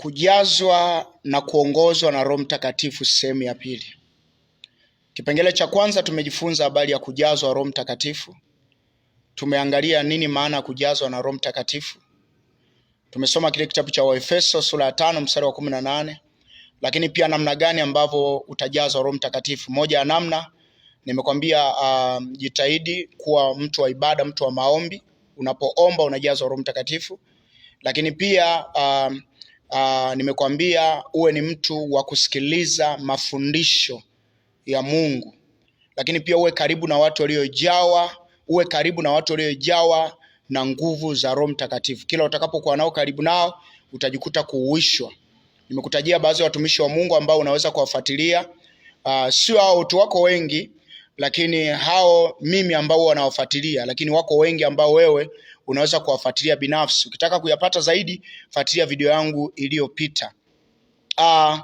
Kujazwa na kuongozwa na Roho Mtakatifu sehemu ya pili. Kipengele cha kwanza tumejifunza habari ya kujazwa Roho Mtakatifu. Tumeangalia nini maana ya kujazwa na Roho Mtakatifu. Tumesoma kile kitabu cha Waefeso sura ya tano mstari wa kumi na nane lakini pia namna gani ambavyo utajazwa Roho Mtakatifu. Moja ya namna nimekwambia, uh, jitahidi kuwa mtu wa ibada, mtu wa maombi. Unapoomba unajazwa Roho Mtakatifu, lakini pia uh, uh, nimekwambia uwe ni mtu wa kusikiliza mafundisho ya Mungu, lakini pia uwe karibu na watu waliojawa, uwe karibu na watu waliojawa na nguvu za Roho Mtakatifu. Kila utakapokuwa nao karibu nao utajikuta kuuishwa. Nimekutajia baadhi ya watumishi wa Mungu ambao unaweza kuwafuatilia. Uh, sio hao watu wako wengi, lakini hao mimi ambao wanawafuatilia, lakini wako wengi ambao wewe unaweza kuwafuatilia binafsi. Ukitaka kuyapata zaidi, fuatilia video yangu iliyopita. Uh,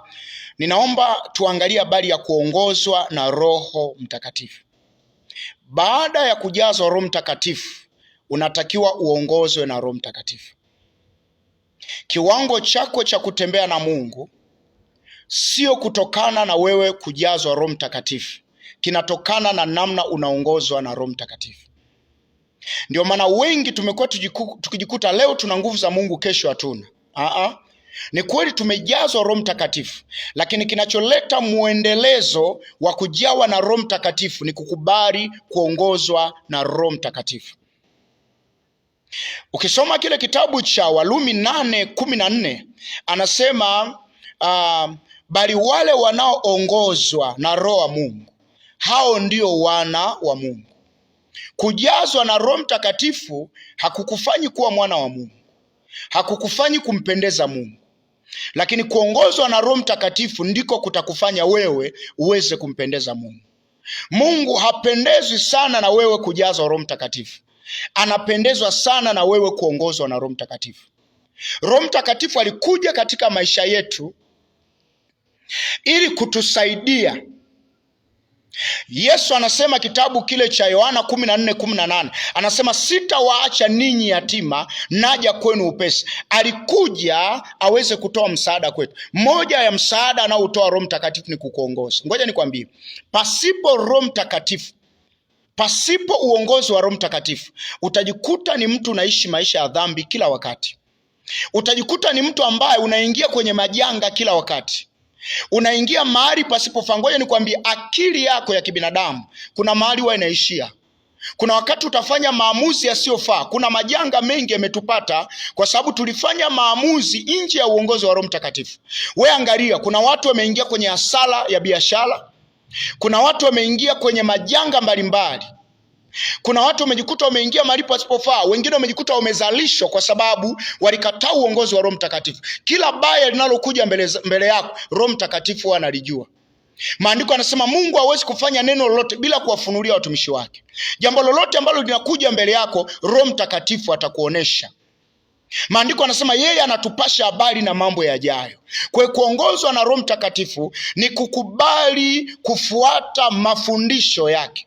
ninaomba tuangalie habari ya kuongozwa na Roho Mtakatifu. Baada ya kujazwa Roho Mtakatifu, unatakiwa uongozwe na Roho Mtakatifu. Kiwango chako cha kutembea na Mungu sio kutokana na wewe kujazwa Roho Mtakatifu, kinatokana na namna unaongozwa na Roho Mtakatifu. Ndio maana wengi tumekuwa tukijikuta leo tuna nguvu za Mungu, kesho hatuna. Aha. Ni kweli tumejazwa Roho Mtakatifu, lakini kinacholeta mwendelezo wa kujawa na Roho Mtakatifu ni kukubali kuongozwa na Roho Mtakatifu. Ukisoma kile kitabu cha Walumi nane kumi na nne anasema uh, bali wale wanaoongozwa na Roho wa Mungu hao ndio wana wa Mungu. Kujazwa na Roho Mtakatifu hakukufanyi kuwa mwana wa Mungu, hakukufanyi kumpendeza Mungu, lakini kuongozwa na Roho Mtakatifu ndiko kutakufanya wewe uweze kumpendeza Mungu. Mungu hapendezwi sana na wewe kujazwa Roho Mtakatifu, anapendezwa sana na wewe kuongozwa na Roho Mtakatifu. Roho Mtakatifu alikuja katika maisha yetu ili kutusaidia Yesu anasema kitabu kile cha Yohana kumi na nne kumi na nane anasema sitawaacha ninyi yatima, naja kwenu upesi. Alikuja aweze kutoa msaada kwetu. Moja ya msaada anaoutoa Roho Mtakatifu ni kukuongoza. Ngoja nikwambie, pasipo Roho Mtakatifu, pasipo uongozi wa Roho Mtakatifu, utajikuta ni mtu unaishi maisha ya dhambi kila wakati. Utajikuta ni mtu ambaye unaingia kwenye majanga kila wakati unaingia mahali pasipofaa. ni kwambia akili yako ya kibinadamu kuna mahali huwa inaishia. Kuna wakati utafanya maamuzi yasiyofaa. Kuna majanga mengi yametupata kwa sababu tulifanya maamuzi nje ya uongozi wa Roho Mtakatifu. We angalia, kuna watu wameingia kwenye hasara ya biashara, kuna watu wameingia kwenye majanga mbalimbali kuna watu wamejikuta wameingia malipo asipofaa, wengine wamejikuta wamezalishwa kwa sababu walikataa uongozi wa Roho Mtakatifu. Kila baya linalokuja mbele, mbele yako Roho Mtakatifu analijua. Maandiko anasema Mungu hawezi kufanya neno lolote bila kuwafunulia watumishi wake. Jambo lolote ambalo linakuja mbele yako Roho Mtakatifu atakuonesha. Maandiko anasema yeye anatupasha habari na mambo yajayo. Kwa kuongozwa na Roho Mtakatifu ni kukubali kufuata mafundisho yake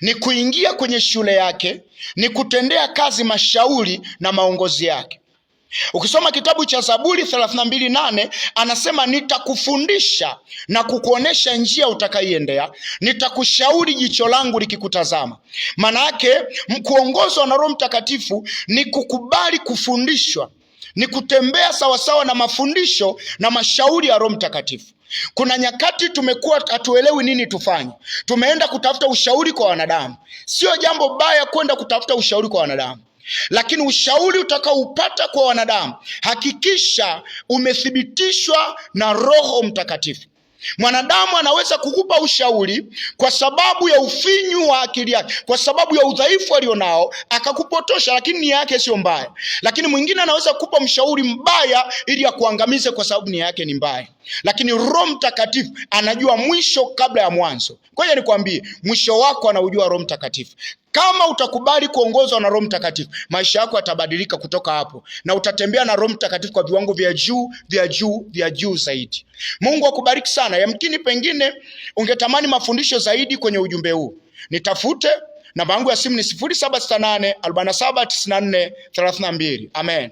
ni kuingia kwenye shule yake, ni kutendea kazi mashauri na maongozi yake. Ukisoma kitabu cha Zaburi 32:8 anasema, nitakufundisha na kukuonesha njia utakaiendea, nitakushauri jicho langu likikutazama. Maana yake kuongozwa na Roho Mtakatifu ni kukubali kufundishwa, ni kutembea sawasawa na mafundisho na mashauri ya Roho Mtakatifu. Kuna nyakati tumekuwa hatuelewi nini tufanye, tumeenda kutafuta ushauri kwa wanadamu. Sio jambo baya kwenda kutafuta ushauri kwa wanadamu, lakini ushauri utakaoupata kwa wanadamu hakikisha umethibitishwa na Roho Mtakatifu. Mwanadamu anaweza kukupa ushauri kwa sababu ya ufinyu wa akili yake, kwa sababu ya udhaifu alionao, akakupotosha, lakini nia yake sio mbaya. Lakini mwingine anaweza kukupa mshauri mbaya ili akuangamize, kwa sababu nia yake ni mbaya. Lakini Roho Mtakatifu anajua mwisho kabla ya mwanzo. Ngoja nikwambie, mwisho wako anaujua Roho Mtakatifu. Kama utakubali kuongozwa na Roho Mtakatifu, maisha yako yatabadilika kutoka hapo, na utatembea na Roho Mtakatifu kwa viwango vya juu vya juu vya juu zaidi. Mungu akubariki sana. Yamkini pengine ungetamani mafundisho zaidi kwenye ujumbe huu, nitafute namba yangu ya simu ni 0768479432. Amen.